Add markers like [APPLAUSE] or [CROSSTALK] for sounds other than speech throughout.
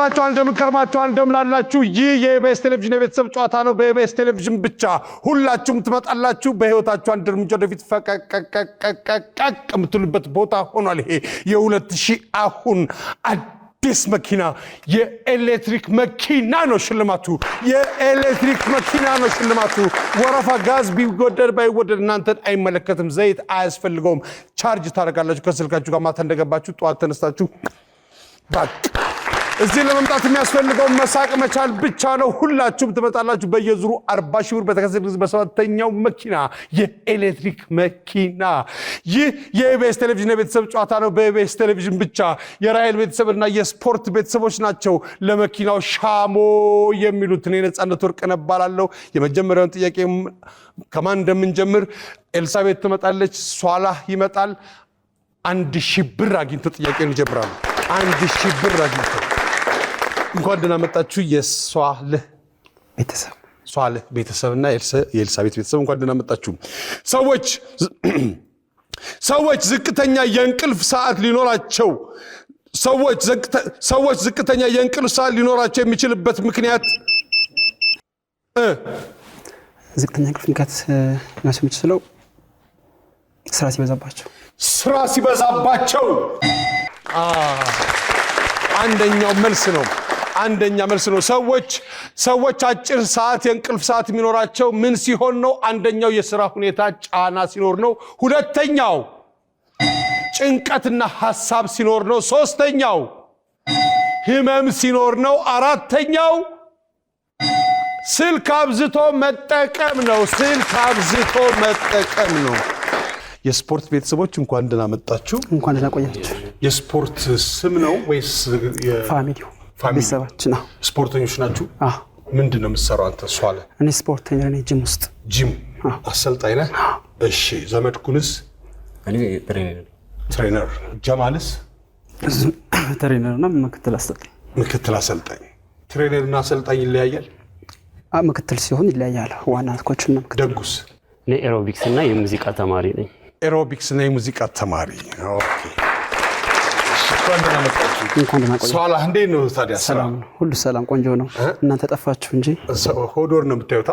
ዋላችኋል፣ እንደምንከርማችኋል፣ እንደምናላችሁ። ይህ የኢቢኤስ ቴሌቪዥን የቤተሰብ ጨዋታ ነው። በኢቢኤስ ቴሌቪዥን ብቻ ሁላችሁም ትመጣላችሁ። በህይወታችሁ አንድ እርምጃ ወደፊት ፈቀቀቀቀቅ የምትሉበት ቦታ ሆኗል። ይሄ የሁለት ሺህ አሁን አዲስ መኪና የኤሌክትሪክ መኪና ነው ሽልማቱ። የኤሌክትሪክ መኪና ነው ሽልማቱ። ወረፋ፣ ጋዝ ቢወደድ ባይወደድ እናንተን አይመለከትም። ዘይት አያስፈልገውም። ቻርጅ ታደርጋላችሁ ከስልካችሁ ጋር ማታ እንደገባችሁ ጠዋት ተነስታችሁ በቃ እዚህ ለመምጣት የሚያስፈልገው መሳቅ መቻል ብቻ ነው። ሁላችሁም ትመጣላችሁ። በየዙሩ አርባ ሺህ ብር በተከሰተ ጊዜ በሰባተኛው መኪና የኤሌክትሪክ መኪና። ይህ የኢቢኤስ ቴሌቪዥን የቤተሰብ ጨዋታ ነው። በኢቢኤስ ቴሌቪዥን ብቻ የራሔል ቤተሰብና የስፖርት ቤተሰቦች ናቸው ለመኪናው ሻሞ የሚሉት። እኔ ነፃነት ወርቅ እባላለሁ። የመጀመሪያውን ጥያቄ ከማን እንደምንጀምር ኤልሳቤት ትመጣለች፣ ሷላ ይመጣል። አንድ ሺህ ብር አግኝቶ ጥያቄ ይጀምራሉ። አንድ ሺህ ብር አግኝቶ እንኳን ደህና መጣችሁ የሷልህ ቤተሰብ ሷልህ ቤተሰብና የኤልሳቤት ቤተሰብ እንኳን ደህና መጣችሁ። ሰዎች [CLEARS THROAT] ሰዎች ዝቅተኛ የእንቅልፍ ሰዓት ሊኖራቸው ሰዎች ዝቅተኛ የእንቅልፍ ሰዓት ሊኖራቸው የሚችልበት ምክንያት ዝቅተኛ እንቅልፍ ምክንያት ሊኖራቸው የሚችለው ስራ ሲበዛባቸው ስራ ሲበዛባቸው አንደኛው መልስ ነው። አንደኛ መልስ ነው። ሰዎች ሰዎች አጭር ሰዓት የእንቅልፍ ሰዓት የሚኖራቸው ምን ሲሆን ነው? አንደኛው የስራ ሁኔታ ጫና ሲኖር ነው። ሁለተኛው ጭንቀትና ሀሳብ ሲኖር ነው። ሶስተኛው ህመም ሲኖር ነው። አራተኛው ስልክ አብዝቶ መጠቀም ነው። ስልክ አብዝቶ መጠቀም ነው። የስፖርት ቤተሰቦች እንኳን ደህና መጣችሁ፣ እንኳን ደህና ቆያችሁ። የስፖርት ስም ነው ወይስ ፋሚሊው? ነው። ስፖርተኞች ናችሁ? ምንድን ነው የምትሰራው አንተ? ሷለ እኔ ስፖርተኛ ነኝ፣ ጂም ውስጥ ጂም አሰልጣኝ ነህ? እሺ። ዘመድኩንስ ትሬነር ጀማልስ ትሬነርና ምክትል አሰልጣኝ ምክትል አሰልጣኝ ትሬነርና አሰልጣኝ ይለያያል? ምክትል ሲሆን ይለያያል። ዋና ኮችና ደጉስ እኔ ኤሮቢክስ እና የሙዚቃ ተማሪ ነኝ። ኤሮቢክስ እና የሙዚቃ ተማሪ ኦኬ እንኳን እንዴት ነው ታዲያ? ሰላም ሁሉ ሰላም፣ ቆንጆ ነው። እናንተ ጠፋችሁ እንጂ ሆዶር ነው የምታዩት።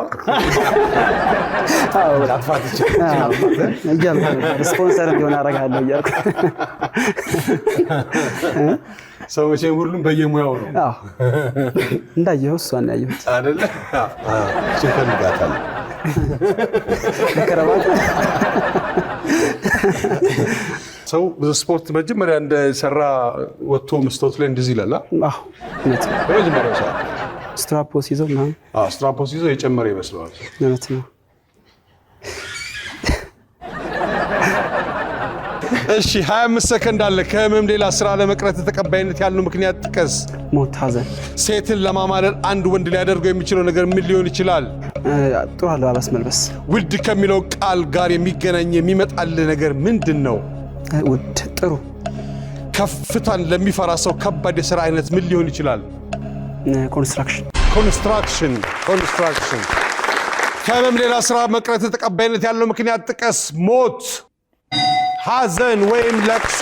ስፖንሰር እንዲሆን አደርጋለሁ እያልኩ ሰው መቼም ሁሉም በየሙያው ነው እንዳየኸው፣ እሷን ያየሁት አይደለ ፈልጋታል ከረባት ሰው ብዙ ስፖርት መጀመሪያ እንደሰራ ወጥቶ መስታወት ላይ እንደዚህ ይላል። ስትራፖስ ይዘው ስትራፖስ ይዘው የጨመረ ይመስለዋል። እውነት ነው። እሺ 25 ሰከንድ አለ። ከህመም ሌላ ስራ ለመቅረት ተቀባይነት ያለው ምክንያት ጥቀስ። ሞት፣ ሐዘን። ሴትን ለማማለል አንድ ወንድ ሊያደርገው የሚችለው ነገር ምን ሊሆን ይችላል? ጥሩ አለባበስ መልበስ። ውድ ከሚለው ቃል ጋር የሚገናኝ የሚመጣልህ ነገር ምንድን ነው? ውድ ጥሩ ከፍታን ለሚፈራ ሰው ከባድ የስራ አይነት ምን ሊሆን ይችላል? ኮንስትራክሽን ኮንስትራክሽን ኮንስትራክሽን። ከምም ሌላ ስራ መቅረት ተቀባይነት ያለው ምክንያት ጥቀስ። ሞት፣ ሀዘን ወይም ለቅሶ።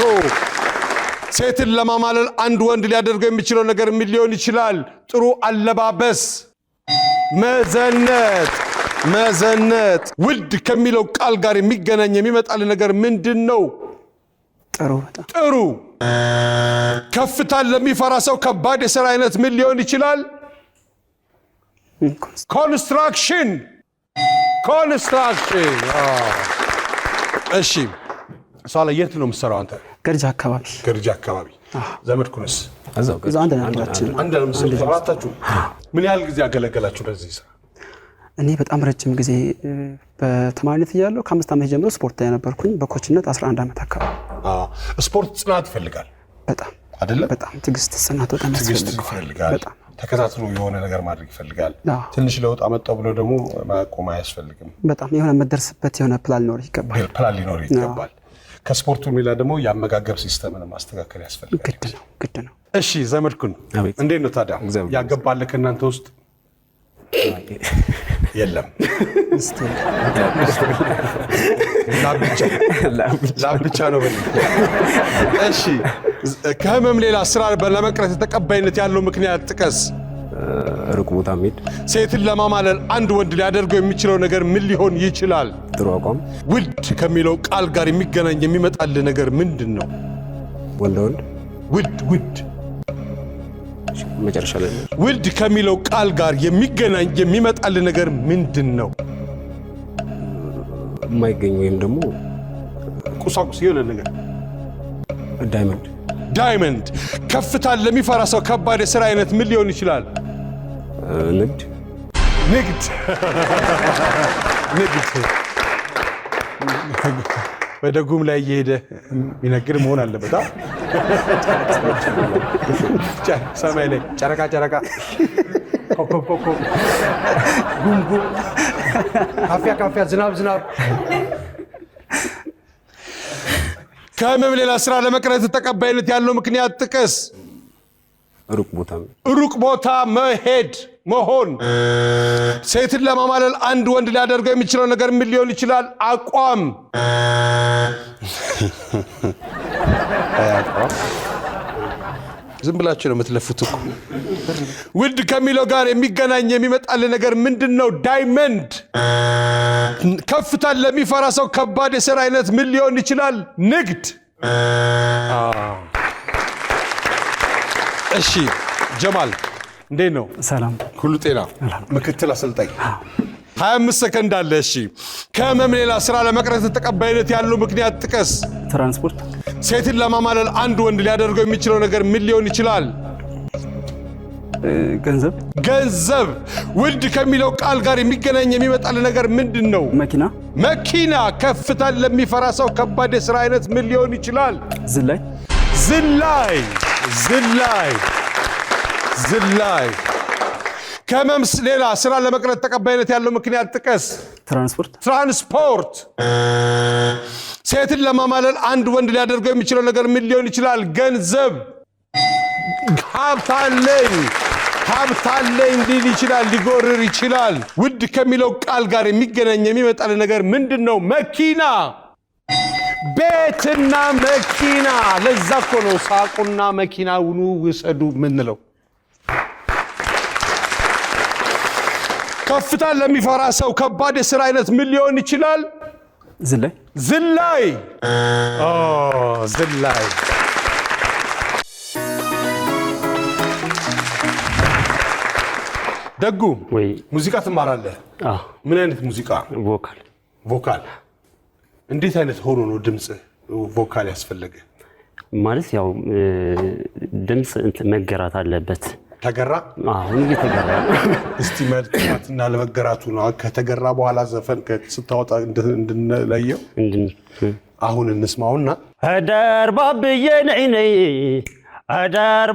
ሴትን ለማማለል አንድ ወንድ ሊያደርገው የሚችለው ነገር ምን ሊሆን ይችላል? ጥሩ አለባበስ፣ መዘነጥ መዘነጥ። ውድ ከሚለው ቃል ጋር የሚገናኝ የሚመጣል ነገር ምንድን ነው? ጥሩ በጣም ጥሩ። ከፍታን ለሚፈራ ሰው ከባድ የስራ አይነት ምን ሊሆን ይችላል? ኮንስትራክሽን ኮንስትራክሽን። እሺ፣ እሷ ላይ የት ነው የምትሰራው አንተ? ገርጂ አካባቢ። ገርጂ አካባቢ። ዘመድኩንስ? አንድ ነው። አራታችሁ ምን ያህል ጊዜ አገለገላችሁ በዚህ ስራ? እኔ በጣም ረጅም ጊዜ በተማሪነት እያለሁ ከአምስት ዓመት ጀምሮ ስፖርት ላይ ነበርኩኝ። በኮችነት 11 ዓመት አካባቢ። ስፖርት ጽናት ይፈልጋል በጣም አይደለም? በጣም ትዕግስት፣ ጽናት በጣም ያስፈልጋል። ተከታትሎ የሆነ ነገር ማድረግ ይፈልጋል። ትንሽ ለውጥ አመጣው ብሎ ደግሞ ማቆም አያስፈልግም። በጣም የሆነ መደርስበት የሆነ ፕላን ሊኖር ይገባል። ፕላን ሊኖር ይገባል። ከስፖርቱ ሌላ ደግሞ የአመጋገብ ሲስተምን ማስተካከል ያስፈልጋል። ግድ ነው፣ ግድ ነው። እሺ ዘመድኩን እንዴት ነው ታዲያ ያገባለ ከእናንተ ውስጥ የለም ላብ ብቻ ነው። እሺ፣ ከህመም ሌላ ስራ ለመቅረት የተቀባይነት ያለው ምክንያት ጥቀስ። ሩቅ ቦታ መሄድ። ሴትን ለማማለል አንድ ወንድ ሊያደርገው የሚችለው ነገር ምን ሊሆን ይችላል? ጥሩ አቋም። ውድ ከሚለው ቃል ጋር የሚገናኝ የሚመጣልህ ነገር ምንድን ነው? ወንድ ወንድ ውድ ውድ መጨረሻ ላይ ውልድ ከሚለው ቃል ጋር የሚገናኝ የሚመጣል ነገር ምንድን ነው? የማይገኝ ወይም ደግሞ ቁሳቁስ የሆነ ነገር ዳይመንድ ዳይመንድ። ከፍታን ለሚፈራ ሰው ከባድ የስራ አይነት ምን ሊሆን ይችላል? ንግድ ንግድ [LAUGHS] ንግድ በደጉም ላይ እየሄደ የሚነግድ መሆን አለበት። ሰማይ ላይ ጨረቃ ጨረቃ፣ ኮከብ ካፊያ ካፊያ፣ ዝናብ ዝናብ። ከህመም ሌላ ስራ ለመቅረት ተቀባይነት ያለው ምክንያት ጥቀስ። ሩቅ ቦታ መሄድ መሆን ሴትን ለማማለል አንድ ወንድ ሊያደርገው የሚችለው ነገር ምን ሊሆን ይችላል? አቋም ዝም ብላችሁ ነው የምትለፉት እኮ። ውድ ከሚለው ጋር የሚገናኝ የሚመጣል ነገር ምንድን ነው? ዳይመንድ። ከፍታን ለሚፈራ ሰው ከባድ የስራ አይነት ምን ሊሆን ይችላል? ንግድ። እሺ ጀማል እንዴት ነው? ሰላም ሁሉ ጤና። ምክትል አሰልጣኝ 25 ሰከንድ አለ። እሺ፣ ከህመም ሌላ ስራ ለመቅረት ተቀባይነት ያለው ምክንያት ጥቀስ። ትራንስፖርት። ሴትን ለማማለል አንድ ወንድ ሊያደርገው የሚችለው ነገር ምን ሊሆን ይችላል? ገንዘብ። ገንዘብ ውድ ከሚለው ቃል ጋር የሚገናኝ የሚመጣል ነገር ምንድን ነው? መኪና። መኪና። ከፍታን ለሚፈራ ሰው ከባድ የስራ አይነት ምን ሊሆን ይችላል? ዝላይ። ዝላይ። ዝላይ ዝላይ ከመምስ ሌላ ስራ ለመቅረት ተቀባይነት ያለው ምክንያት ጥቀስ። ትራንስፖርት ትራንስፖርት ሴትን ለማማለል አንድ ወንድ ሊያደርገው የሚችለው ነገር ምን ሊሆን ይችላል? ገንዘብ ሀብታለኝ ሀብታለኝ ሊል ይችላል፣ ሊጎርር ይችላል። ውድ ከሚለው ቃል ጋር የሚገናኝ የሚመጣል ነገር ምንድን ነው? መኪና፣ ቤትና መኪና። ለዛ እኮ ነው ሳቁና መኪናውኑ ውሰዱ ምንለው ከፍታን ለሚፈራ ሰው ከባድ የስራ አይነት ምን ሊሆን ይችላል? ዝላይ ዝላይ ዝላይ። ደጉ ሙዚቃ ትማራለህ። ምን አይነት ሙዚቃ? ቮካል ቮካል። እንዴት አይነት ሆኖ ነው ድምፅ ቮካል ያስፈለገ? ማለት ያው ድምፅ መገራት አለበት ተገራ አሁን እየተገራ እስቲ መጥፋትና ለመገራቱ ነው። ከተገራ በኋላ ዘፈን ስታወጣ እንድንለየው አሁን እንስማውና አዳር ባብዬ ነይ ነይ አዳር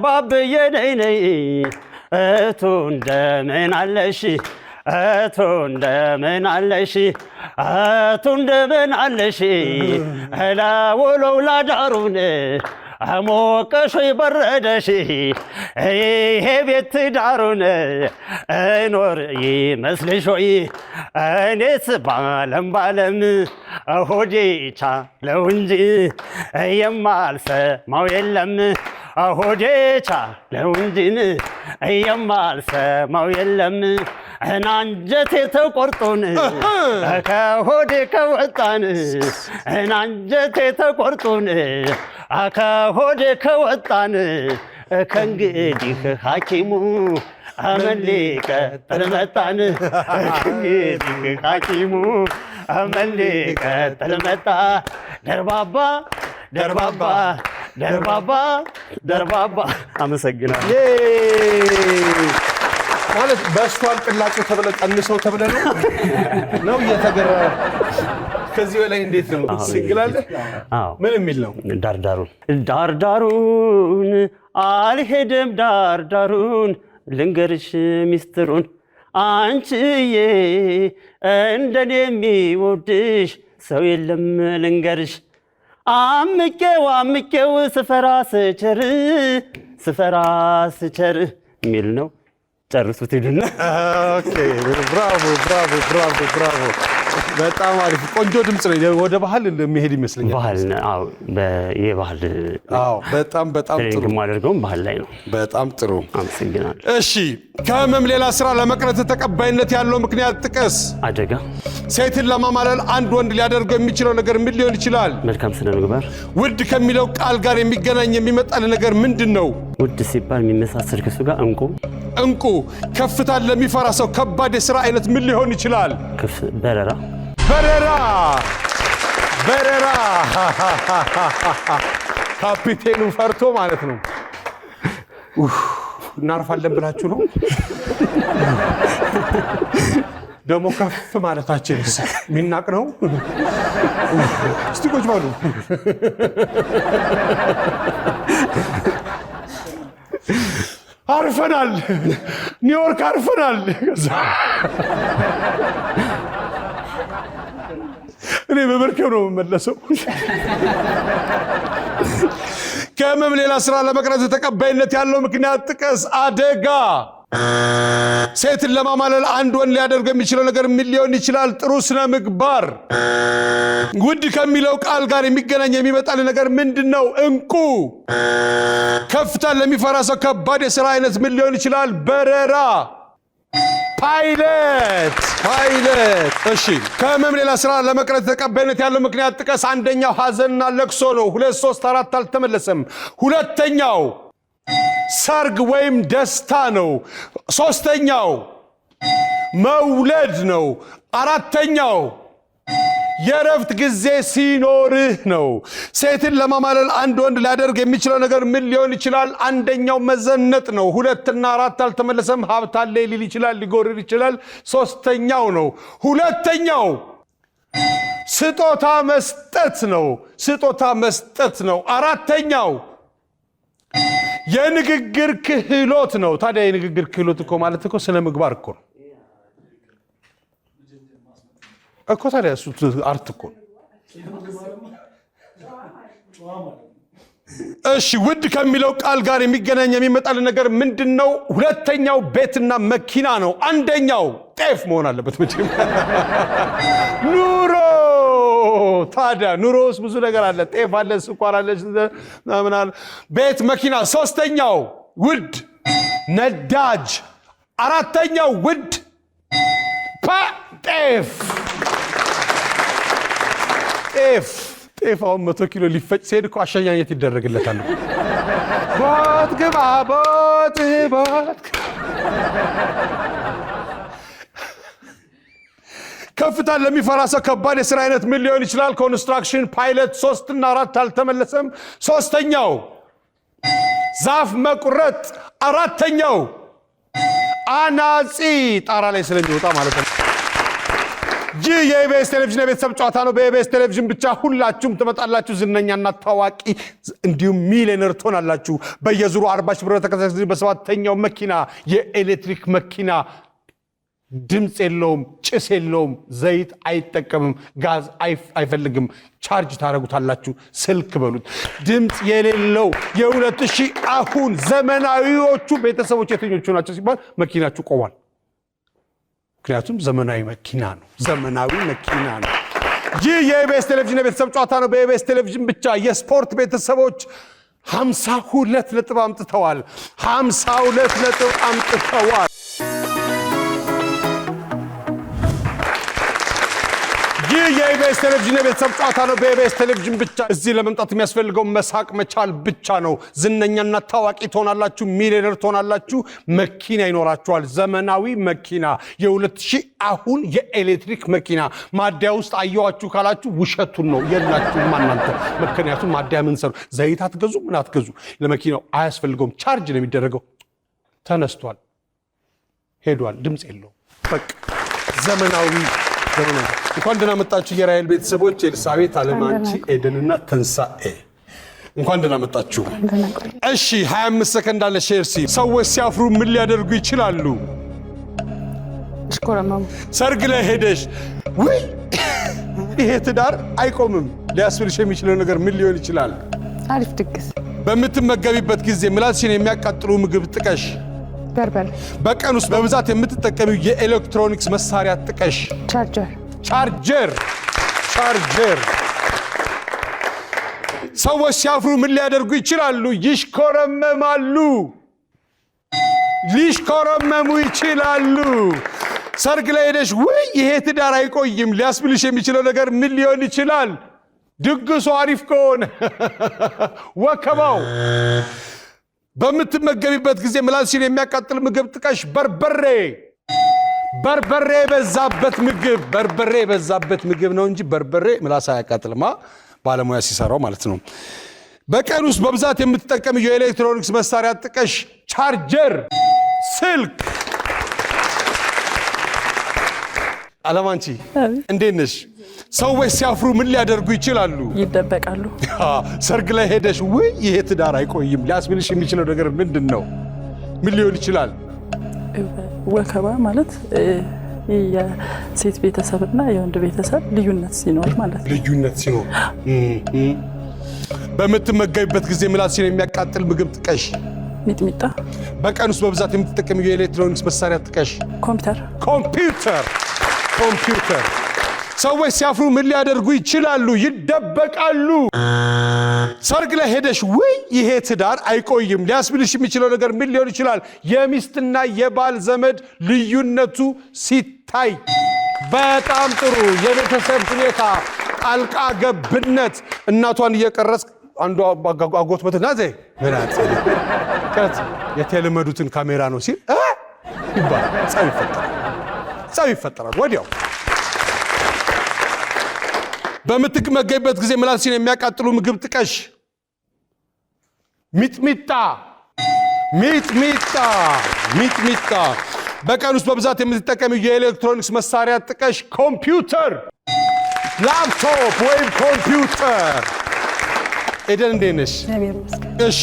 እቱ እንደምን አለሽ እቱ እንደምን አለሽ እቱ እንደምን አለሽ እላውለው ላዳሩን አሞቀሽ በረደሽ ይሄ ቤት ዳሩን እኖር ይመስልሽ ሆይ እኔስ ባለም ባለም ሆዴ ቻለው እንጂ የማልሰማው የለም። አሆዴቻ ነው እንጂን የማልሰማው የለም እናንጀቴ ተቆርጦን ከሆዴ ከወጣን እናንጀቴ ተቆርጦን ከሆዴ ከወጣን ከእንግዲህ ሐኪሙ አመሌ ቀጥል መጣን ከእንግዲህ ሐኪሙ አመሌ ቀጥል መጣ ደርባባ ደርባባ ደርባባ ደርባባ። አመሰግናለሁ። ማለት በእሷን ቅላጩ ተብለ ጠንሰው ተብለ ነው ነው እየተገረ ከዚህ በላይ እንዴት ነው ሲንግላለ ምን የሚል ነው? ዳርዳሩን ዳርዳሩን አልሄደም ዳርዳሩን ልንገርሽ ሚስጥሩን አንቺዬ እንደኔ የሚወድሽ ሰው የለም ልንገርሽ አምቄው አምቄው ስፈራ ስቸር ስፈራ ስቸር የሚል ነው። ጨርሱት ሂዱና። ኦኬ ብራቮ ብራቮ ብራቮ ብራቮ በጣም አሪፍ ቆንጆ ድምፅ ነው። ወደ ባህል እንደሚሄድ ይመስለኛል። ባህል በጣም በጣም ጥሩ ባህል ላይ ነው። በጣም ጥሩ አመሰግናለሁ። እሺ፣ ከህመም ሌላ ስራ ለመቅረት ተቀባይነት ያለው ምክንያት ጥቀስ። አደጋ ሴትን ለማማለል አንድ ወንድ ሊያደርገው የሚችለው ነገር ምን ሊሆን ይችላል? መልካም ስነ ምግባር። ውድ ከሚለው ቃል ጋር የሚገናኝ የሚመጣል ነገር ምንድን ነው? ውድ ሲባል የሚመሳሰል ከሱ ጋር እንቁ እንቁ። ከፍታን ለሚፈራ ሰው ከባድ የስራ አይነት ምን ሊሆን ይችላል? በረራ በረራ በረራ [LAUGHS] ካፒቴኑ ፈርቶ ማለት ነው። እናርፋለን ብላችሁ ነው ደግሞ ከፍ ማለታችን የሚናቅ ነው። እስቲ ቁጭ በሉ። አርፈናል፣ ኒውዮርክ አርፈናል። እኔ በበርኬው ነው የምመለሰው። ከህመም ሌላ ስራ ለመቅረት ተቀባይነት ያለው ምክንያት ጥቀስ። አደጋ ሴትን ለማማለል አንድ ወንድ ሊያደርገው የሚችለው ነገር ምን ሊሆን ይችላል? ጥሩ ስነ ምግባር። ውድ ከሚለው ቃል ጋር የሚገናኝ የሚመጣል ነገር ምንድን ነው? እንቁ። ከፍታን ለሚፈራ ሰው ከባድ የስራ አይነት ምን ሊሆን ይችላል? በረራ ፓይለት ፓይለት። እሺ ከህመም ሌላ ስራ ለመቅረት ተቀባይነት ያለው ምክንያት ጥቀስ። አንደኛው ሀዘንና ለቅሶ ነው። ሁለት ሶስት አራት አልተመለሰም። ሁለተኛው ሰርግ ወይም ደስታ ነው። ሶስተኛው መውለድ ነው። አራተኛው የረፍት ጊዜ ሲኖርህ ነው። ሴትን ለማማለል አንድ ወንድ ሊያደርግ የሚችለው ነገር ምን ሊሆን ይችላል? አንደኛው መዘነጥ ነው። ሁለትና አራት አልተመለሰም። ሀብታሌ ሊል ይችላል፣ ሊጎርር ይችላል። ሶስተኛው ነው። ሁለተኛው ስጦታ መስጠት ነው። ስጦታ መስጠት ነው። አራተኛው የንግግር ክህሎት ነው። ታዲያ የንግግር ክህሎት እኮ ማለት እኮ ስነ ምግባር እኮ ነው። እኮ ታዲያ እሱ አርት እኮ እሺ ውድ ከሚለው ቃል ጋር የሚገናኝ የሚመጣል ነገር ምንድን ነው? ሁለተኛው ቤትና መኪና ነው። አንደኛው ጤፍ መሆን አለበት። መቼም ኑሮ ታዲያ ኑሮ ውስጥ ብዙ ነገር አለ። ጤፍ አለ፣ ስኳር አለ፣ ምናምን ቤት፣ መኪና። ሶስተኛው ውድ ነዳጅ፣ አራተኛው ውድ ጤፍ ጤፍ ጤፍ አሁን መቶ ኪሎ ሊፈጭ ሲሄድ እኮ አሸኛኘት ይደረግለታል። ቦት ግባ ቦት ቦት ከፍታን ለሚፈራ ሰው ከባድ የስራ አይነት ምን ሊሆን ይችላል? ኮንስትራክሽን፣ ፓይለት ሶስትና አራት አልተመለሰም። ሶስተኛው ዛፍ መቁረጥ፣ አራተኛው አናጺ ጣራ ላይ ስለሚወጣ ማለት ነው። ይህ የኢቢኤስ ቴሌቪዥን የቤተሰብ ጨዋታ ነው። በኢቤስ ቴሌቪዥን ብቻ ሁላችሁም ትመጣላችሁ። ዝነኛና ታዋቂ እንዲሁም ሚሊዮነር ትሆናላችሁ። በየዙሩ አርባ ሺህ ብር ተከታታይ በሰባተኛው መኪና የኤሌክትሪክ መኪና ድምፅ የለውም፣ ጭስ የለውም፣ ዘይት አይጠቀምም፣ ጋዝ አይፈልግም። ቻርጅ ታደረጉታላችሁ። ስልክ በሉት ድምፅ የሌለው የሁለት ሺህ አሁን ዘመናዊዎቹ ቤተሰቦች የትኞቹ ናቸው ሲባል መኪናችሁ ቆሟል። ምክንያቱም ዘመናዊ መኪና ነው። ዘመናዊ መኪና ነው። ይህ የኤቤስ ቴሌቪዥን የቤተሰብ ጨዋታ ነው። በኤቤስ ቴሌቪዥን ብቻ የስፖርት ቤተሰቦች ሀምሳ ሁለት ነጥብ አምጥተዋል። ሀምሳ ሁለት ነጥብ አምጥተዋል። የኢቢኤስ ቴሌቪዥን የቤተሰብ ጨዋታ ነው። በኢቢኤስ ቴሌቪዥን ብቻ። እዚህ ለመምጣት የሚያስፈልገው መሳቅ መቻል ብቻ ነው። ዝነኛና ታዋቂ ትሆናላችሁ፣ ሚሊዮነር ትሆናላችሁ፣ መኪና ይኖራችኋል። ዘመናዊ መኪና የ2000 አሁን የኤሌክትሪክ መኪና ማደያ ውስጥ አየዋችሁ ካላችሁ ውሸቱን ነው። የላችሁም እናንተ። ምክንያቱም ማደያ ምን ሰሩ ዘይት አትገዙ፣ ምን አትገዙ። ለመኪናው አያስፈልገውም። ቻርጅ ነው የሚደረገው። ተነስቷል፣ ሄዷል፣ ድምፅ የለውም። በቃ ዘመናዊ እንኳን ደህና መጣችሁ የራይል ቤተሰቦች፣ ኤልሳቤት፣ አለማንቺ፣ ኤደንና ተንሳኤ እንኳን ደህና መጣችሁ። እሺ 25 ሰከንድ አለ። ሼርሲ ሰዎች ሲያፍሩ ምን ሊያደርጉ ይችላሉ? ሰርግ ላይ ሄደሽ ውይ ይሄ ትዳር አይቆምም ሊያስብልሽ የሚችለው ነገር ምን ሊሆን ይችላል? አሪፍ ድግስ። በምትመገቢበት ጊዜ ምላስሽን የሚያቃጥሉ ምግብ ጥቀሽ በርበሬ። በቀን ውስጥ በብዛት የምትጠቀሚው የኤሌክትሮኒክስ መሳሪያ ጥቀሽ። ቻርጀር ቻርጀር ቻርጀር። ሰዎች ሲያፍሩ ምን ሊያደርጉ ይችላሉ? ይሽኮረመማሉ። ሊሽኮረመሙ ይችላሉ። ሰርግ ላይ ሄደሽ ውይ ይሄ ትዳር አይቆይም ሊያስብልሽ የሚችለው ነገር ምን ሊሆን ይችላል? ድግሱ አሪፍ ከሆነ [LAUGHS] ወከባው በምትመገቢበት ጊዜ ምላስሽን የሚያቃጥል ምግብ ጥቀሽ። በርበሬ በርበሬ የበዛበት ምግብ በርበሬ የበዛበት ምግብ ነው እንጂ በርበሬ ምላስ አያቃጥልማ፣ ባለሙያ ሲሰራው ማለት ነው። በቀን ውስጥ በብዛት የምትጠቀሚው የኤሌክትሮኒክስ መሳሪያ ጥቀሽ። ቻርጀር፣ ስልክ አለማንቺ እንዴት ነሽ? ሰዎች ሲያፍሩ ምን ሊያደርጉ ይችላሉ? ይደበቃሉ። ሰርግ ላይ ሄደሽ ውይ ይሄ ትዳር አይቆይም ሊያስብልሽ የሚችለው ነገር ምንድን ነው? ምን ሊሆን ይችላል? ወከባ ማለት የሴት ቤተሰብና የወንድ ቤተሰብ ልዩነት ሲኖር ማለት ነው። ልዩነት ሲኖር በምትመገቢበት ጊዜ ምላስሽን የሚያቃጥል ምግብ ጥቀሽ። ሚጥሚጣ። በቀን ውስጥ በብዛት የምትጠቀሚው የኤሌክትሮኒክስ መሳሪያ ጥቀሽ። ኮምፒውተር ኮምፒውተር ኮምፒውተር። ሰዎች ሲያፍሩ ምን ሊያደርጉ ይችላሉ? ይደበቃሉ። ሰርግ ላይ ሄደሽ ውይ ይሄ ትዳር አይቆይም ሊያስብልሽ የሚችለው ነገር ምን ሊሆን ይችላል? የሚስትና የባል ዘመድ ልዩነቱ ሲታይ። በጣም ጥሩ። የቤተሰብ ሁኔታ ጣልቃ ገብነት እናቷን እየቀረስ አንዱ አጎት በትና የተለመዱትን ካሜራ ነው ሲል ይባላል፣ ጸብ ይፈጠራል። ጸብ ይፈጠራል ወዲያው በምትመገቢበት ጊዜ ምላስሽን የሚያቃጥሉ ምግብ ጥቀሽ። ሚጥሚጣ ሚጥሚጣ ሚጥሚጣ። በቀን ውስጥ በብዛት የምትጠቀሚው የኤሌክትሮኒክስ መሳሪያ ጥቀሽ። ኮምፒውተር፣ ላፕቶፕ ወይም ኮምፒውተር። ኤደን እንዴት ነሽ? እሺ፣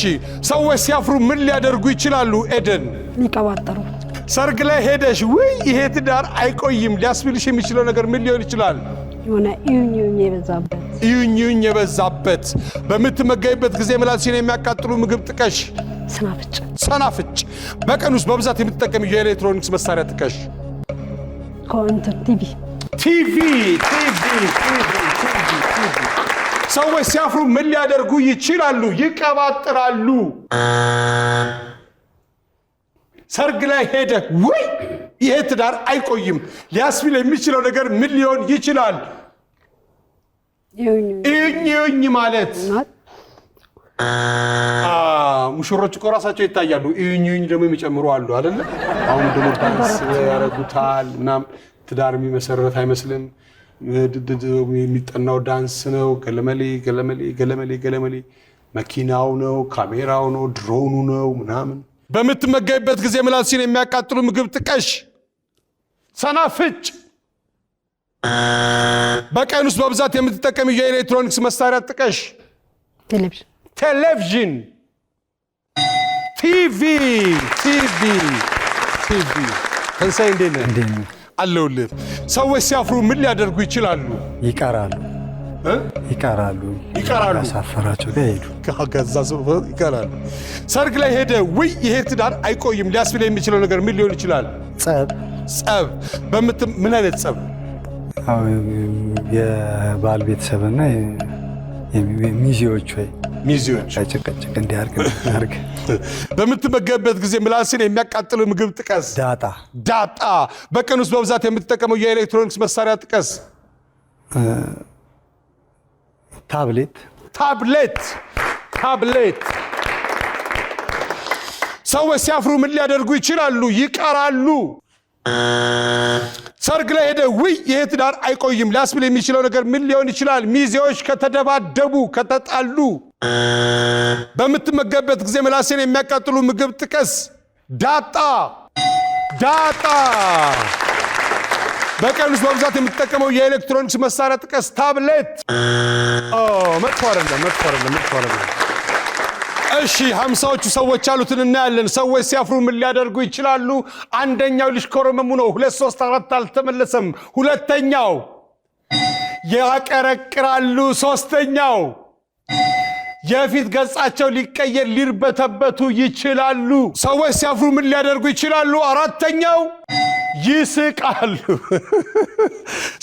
ሰዎች ሲያፍሩ ምን ሊያደርጉ ይችላሉ? ኤደን ይቀባጠሩ ሰርግ ላይ ሄደሽ ውይ ይሄ ትዳር አይቆይም ሊያስብልሽ የሚችለው ነገር ምን ሊሆን ይችላል? የሆነ የበዛበት እዩኝ የበዛበት በምትመገቢበት ጊዜ ምላስሽን የሚያቃጥሉ ምግብ ጥቀሽ። ሰናፍጭ ሰናፍጭ። በቀን ውስጥ በብዛት የምትጠቀም የኤሌክትሮኒክስ መሳሪያ ጥቀሽ። ቲቪ ቲቪ ቲቪ ሰዎች ሲያፍሩ ምን ሊያደርጉ ይችላሉ? ይቀባጥራሉ። ሰርግ ላይ ሄደ ወይ ይሄ ትዳር አይቆይም ሊያስብል የሚችለው ነገር ምን ሊሆን ይችላል? እኝ እኝ ማለት ሙሽሮች እኮ ራሳቸው ይታያሉ። እኝ እኝ ደግሞ የሚጨምሩ አሉ አይደለ? አሁን ደግሞ ዳንስ ያረጉታል ምናምን ትዳር የሚመሰረት አይመስልም። የሚጠናው ዳንስ ነው። ገለመሌ ገለመሌ ገለመሌ ገለመሌ መኪናው ነው፣ ካሜራው ነው፣ ድሮኑ ነው ምናምን በምትመገብበት ጊዜ ምላስሽን የሚያቃጥሉ ምግብ ጥቀሽ። ሰናፍጭ በቀን ውስጥ በብዛት የምትጠቀም የኤሌክትሮኒክስ መሳሪያ ጥቀሽ። ቴሌቪዥን፣ ቲቪ ቲቪ ቲቪ። ትንሣኤ እንዴት ነህ? አለሁልህ። ሰዎች ሲያፍሩ ምን ሊያደርጉ ይችላሉ? ይቀራሉ። ይቀራሉ ይቀራሉ ያሳፈራቸው ላይ ሄዱ ከዛ ይቀራሉ። ሰርግ ላይ ሄደ። ውይ ይሄ ትዳር አይቆይም ሊያስብል የሚችለው ነገር ምን ሊሆን ይችላል? ጸብ ጸብ። በምት ምን አይነት ጸብ? የባል ቤተሰብና ሚዜዎች ወይ ሚዜዎች ጭቅጭቅ እንዲያርግ ያርግ። [LAUGHS] በምትመገብበት ጊዜ ምላስን የሚያቃጥሉ ምግብ ጥቀስ። ዳጣ ዳጣ። በቀን ውስጥ በብዛት የምትጠቀመው የኤሌክትሮኒክስ መሳሪያ ጥቀስ። ታብሌት ታብሌት ታብሌት ሰዎች ሲያፍሩ ምን ሊያደርጉ ይችላሉ? ይቀራሉ። ሰርግ ላይ ሄደ ውይ ይሄ ትዳር አይቆይም ሊያስብል የሚችለው ነገር ምን ሊሆን ይችላል? ሚዜዎች ከተደባደቡ ከተጣሉ፣ በምትመገብበት ጊዜ ምላሴን የሚያቃጥሉ ምግብ ጥቀስ። ዳጣ ዳጣ በቀን ውስጥ በብዛት የምትጠቀመው የኤሌክትሮኒክስ መሳሪያ ጥቀስ። ታብሌት። መጥፎ አይደለም፣ መጥፎ አይደለም፣ መጥፎ አይደለም። እሺ ሀምሳዎቹ ሰዎች ያሉትን እናያለን። ሰዎች ሲያፍሩ ምን ሊያደርጉ ይችላሉ? አንደኛው ሊሽኮረመሙ ነው። ሁለት ሶስት አራት አልተመለሰም። ሁለተኛው ያቀረቅራሉ። ሶስተኛው የፊት ገጻቸው ሊቀየር ሊርበተበቱ ይችላሉ። ሰዎች ሲያፍሩ ምን ሊያደርጉ ይችላሉ? አራተኛው ይስቃሉ።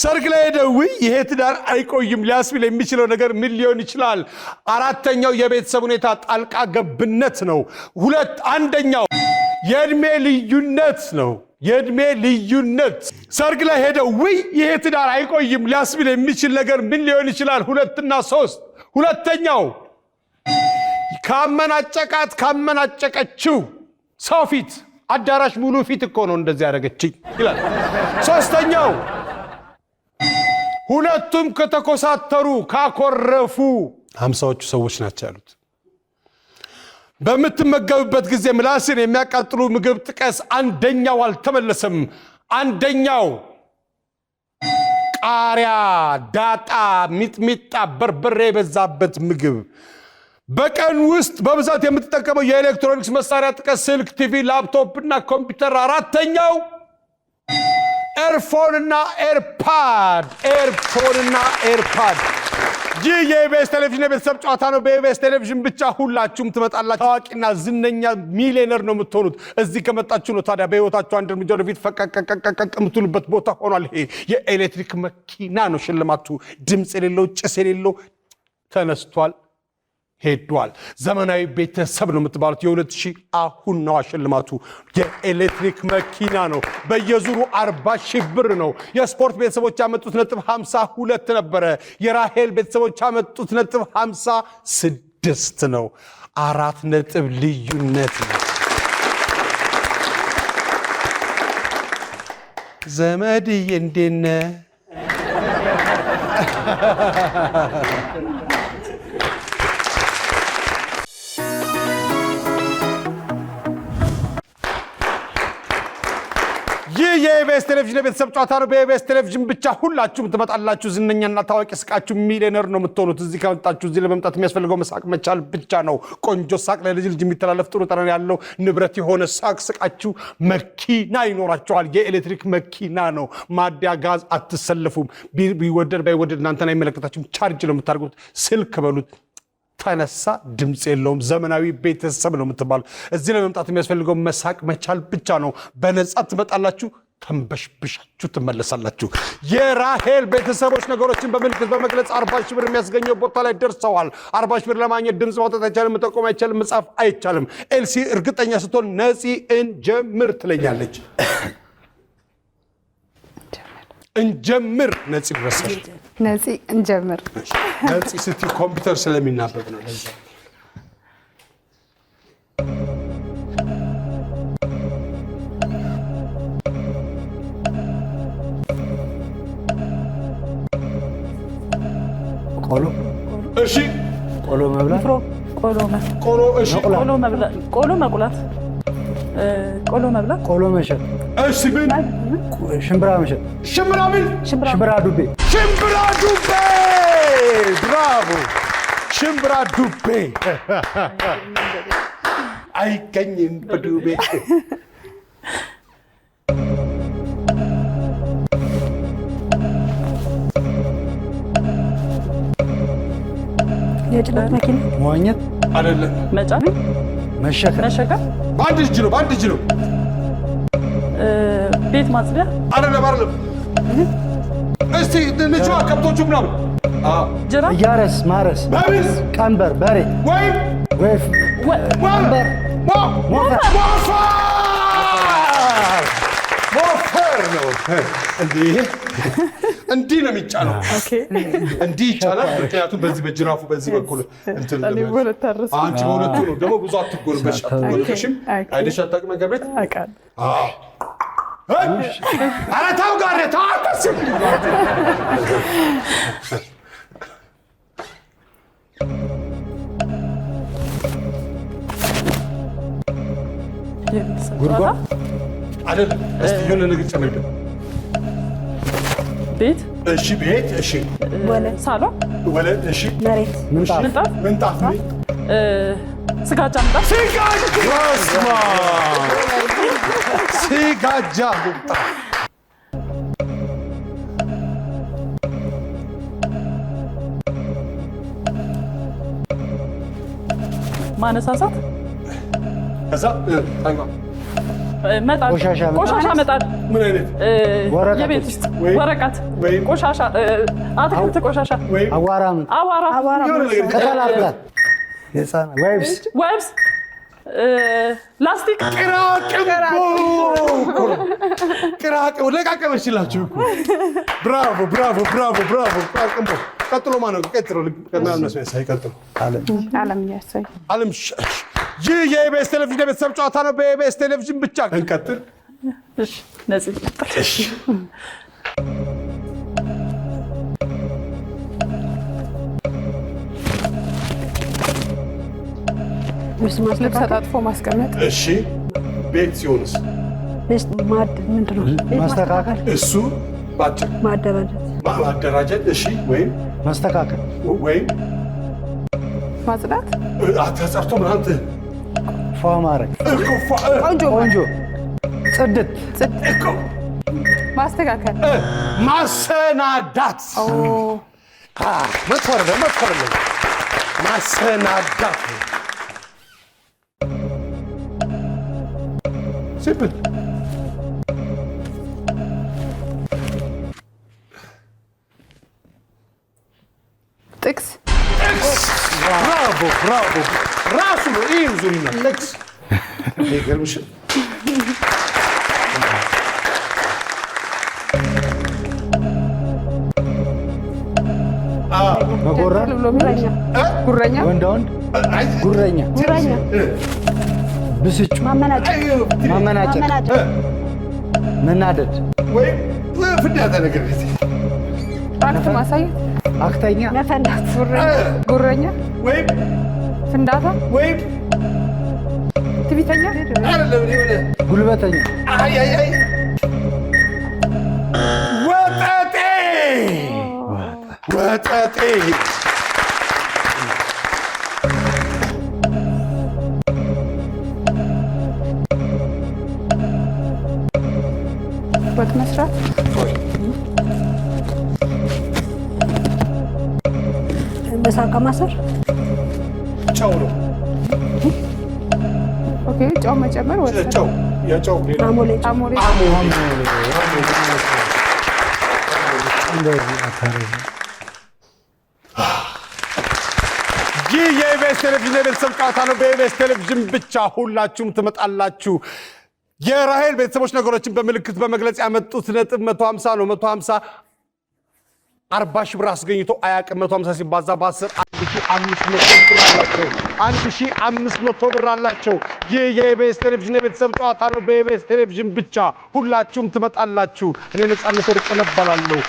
ሰርግ ላይ ደውይ ይሄ ትዳር አይቆይም ሊያስብል የሚችለው ነገር ምን ሊሆን ይችላል? አራተኛው የቤተሰብ ሁኔታ ጣልቃ ገብነት ነው። ሁለት አንደኛው የእድሜ ልዩነት ነው። የእድሜ ልዩነት ሰርግ ላይ ሄደው ውይ ይሄ ትዳር አይቆይም ሊያስብል የሚችል ነገር ምን ሊሆን ይችላል? ሁለትና ሶስት ሁለተኛው ካመናጨቃት ካመናጨቀችው ሰው ፊት አዳራሽ ሙሉ ፊት እኮ ነው እንደዚህ ያደረገችኝ ይላል። ሶስተኛው ሁለቱም ከተኮሳተሩ ካኮረፉ ሀምሳዎቹ ሰዎች ናቸው ያሉት። በምትመገብበት ጊዜ ምላስን የሚያቃጥሉ ምግብ ጥቀስ። አንደኛው አልተመለሰም። አንደኛው ቃሪያ፣ ዳጣ፣ ሚጥሚጣ፣ በርበሬ የበዛበት ምግብ በቀን ውስጥ በብዛት የምትጠቀመው የኤሌክትሮኒክስ መሳሪያ ጥቀት፣ ስልክ፣ ቲቪ፣ ላፕቶፕ እና ኮምፒውተር። አራተኛው ኤርፎን እና ኤርፓድ፣ ኤርፎን እና ኤርፓድ። ይህ የኢቢኤስ ቴሌቪዥን የቤተሰብ ጨዋታ ነው። በኢቢኤስ ቴሌቪዥን ብቻ ሁላችሁም ትመጣላችሁ። ታዋቂና ዝነኛ ሚሊዮነር ነው የምትሆኑት። እዚህ ከመጣችሁ ነው ታዲያ በህይወታችሁ አንድ እርምጃ ወደፊት ፈቀቀቀቀቀቅ የምትሉበት ቦታ ሆኗል። ይሄ የኤሌክትሪክ መኪና ነው ሽልማቱ። ድምፅ የሌለው ጭስ የሌለው ተነስቷል ሄዷል። ዘመናዊ ቤተሰብ ነው የምትባሉት። የሁለት ሺህ አሁን ነው ሽልማቱ የኤሌክትሪክ መኪና ነው። በየዙሩ አርባ ሺህ ብር ነው። የስፖርት ቤተሰቦች ያመጡት ነጥብ ሃምሳ ሁለት ነበረ። የራሄል ቤተሰቦች ያመጡት ነጥብ ሃምሳ ስድስት ነው። አራት ነጥብ ልዩነት ነው። ዘመድዬ እንዴነ ይህ ቴሌቪዥን የቤተሰብ ጨዋታ ነው። በኢቢኤስ ቴሌቪዥን ብቻ ሁላችሁም ትመጣላችሁ። ዝነኛና ታዋቂ ስቃችሁ ሚሊዮነር ነው የምትሆኑት። እዚህ ከመጣችሁ እዚህ ለመምጣት የሚያስፈልገው መሳቅ መቻል ብቻ ነው። ቆንጆ ሳቅ፣ ለልጅ ልጅ የሚተላለፍ ጥሩ ጠረን ያለው ንብረት የሆነ ሳቅ ስቃችሁ መኪና ይኖራችኋል። የኤሌክትሪክ መኪና ነው። ማዲያ ጋዝ አትሰልፉም። ቢወደድ ባይወደድ እናንተን አይመለከታችሁም። ቻርጅ ነው የምታደርጉት። ስልክ በሉት ተነሳ ድምፅ የለውም። ዘመናዊ ቤተሰብ ነው የምትባሉ። እዚህ ለመምጣት የሚያስፈልገው መሳቅ መቻል ብቻ ነው። በነጻ ትመጣላችሁ። ተንበሽብሻችሁ ትመለሳላችሁ። የራሄል ቤተሰቦች ነገሮችን በምልክት በመግለጽ አርባ ሺህ ብር የሚያስገኘው ቦታ ላይ ደርሰዋል። አርባ ሺህ ብር ለማግኘት ድምፅ ማውጣት አይቻልም፣ መጠቆም አይቻልም፣ መጻፍ አይቻልም። ኤልሲ እርግጠኛ ስትሆን ነፂ እንጀምር ትለኛለች። እንጀምር ነፂ ረሳሽ ነፂ እንጀምር ነፂ ስትይ ኮምፒውተር ስለሚናበብ ነው። ቆሎ እሺ፣ ቆሎ መብላት፣ ቆሎ እሺ፣ ቆሎ መብላት፣ ቆሎ መቁላት፣ ቆሎ መብላት፣ ቆሎ መሸጥ፣ እሺ፣ ምን ሽምብራ መሸጥ፣ ሽምብራ ምን ሽምብራ ዱቤ፣ ሽምብራ ዱቤ። ብራቮ! ሽምብራ ዱቤ [LAUGHS] አይገኝም በዱቤ የጭነት መኪና መዋኘት አይደለም፣ መጫን፣ መሸከም፣ መሸከም በአንድ እጅ ነው። በአንድ እጅ ነው። ቤት ማጽዳት አይደለም፣ አይደለም። እስቲ ንቹ ከብቶቹ ምናምን ጅራት፣ እያረስ፣ ማረስ፣ በቢዝ፣ ቀንበር፣ በሬ ወይም ወይፍ፣ ቀንበር፣ ሞፈር ሞተር ነው። እንዲህ ነው የሚጫነው፣ እንዲህ ይጫናል። ምክንያቱም በዚህ በጅራፉ በዚህ በኩል አንቺ በሁለቱ ነው ደግሞ ብዙ አትጎልበሽ አትጎልበሽም። አይደሽ አታውቅም ነገር ቤት ኧረ ተው ጋር ተው አታስብ ጉድጓድ አይደል? እስቲ የሆነ ነገር ጨምርልኝ። ቤት እሺ፣ ቤት እሺ፣ ወለል፣ ሳሎን፣ ወለል፣ እሺ፣ መሬት፣ ምንጣፍ፣ ምንጣፍ፣ ስጋጃ፣ ምንጣፍ፣ ስጋጃ፣ ምንጣፍ ማነሳሳት ከዛ ታይማ ቆሻሻ መጣል፣ የቤት ውስጥ ወረቀት፣ ቆሻሻ፣ አትክልት ቆሻሻ፣ አዋራ፣ ወይብስ፣ ላስቲክ፣ ቅራቅንቦ ለቃቀመችላችሁ። ብራቮ! ብራቮ! ብራቮ! ቅራቅንቦ ቀጥሎ ነው? ቀጥሎ አለም። ይህ የኢቢኤስ ቴሌቪዥን የቤተሰብ ጨዋታ ነው። በኢቢኤስ ቴሌቪዥን ብቻ እንቀጥል። ልብስ ማስቀመጥ። እሺ፣ ቤት ሲሆንስ? ማስተካከል። እሱ ማደራጀት። ማደራጀት። እሺ ወይም ማስተካከል ወይም ማጽዳት ተጸርቶ ምናምን ፏ ማድረግ ቆንጆ ቆንጆ ጽድት ማስተካከል ማሰናዳት ማሰናዳት ሲምፕል ጥቅስ ብራቦ ብራቦ ራሱ ነው። ይህን ዙሪና ጥቅስ ይገርምሽ። ጉረኛ ወንዳ ወንድ ጉረኛ ብስጩ ማመናጨት መናደድ ወይም ፍዳታ ነገር ማሳየት አክተኛ፣ ነፈንዳት፣ ጉረኛ ወይም ፍንዳታ ወይም ትቢተኛ፣ ጉልበተኛ፣ ወጠጤ ወጠጤ ወጥ መስራት በሳንቃ ጨው ነው። ኦኬ፣ ጨው መጨመር ይህ የኢቢኤስ ቴሌቪዥን የቤተሰብ ጨዋታ ነው። በኢቢኤስ ቴሌቪዥን ብቻ ሁላችሁም ትመጣላችሁ። የራሄል ቤተሰቦች ነገሮችን በምልክት በመግለጽ ያመጡት ነጥብ 150 ነው። 150 አርባ ሺህ ብር አስገኝቶ አያውቅም። መቶ ሲባዛ በአስር አንድ ሺህ አምስት መቶ ብር አላቸው። ይህ የኢቢኤስ ቴሌቪዥን የቤተሰብ ጨዋታ ነው። በኢቢኤስ ቴሌቪዥን ብቻ ሁላችሁም ትመጣላችሁ። እኔ ነጻነት ወርቅነህ እባላለሁ።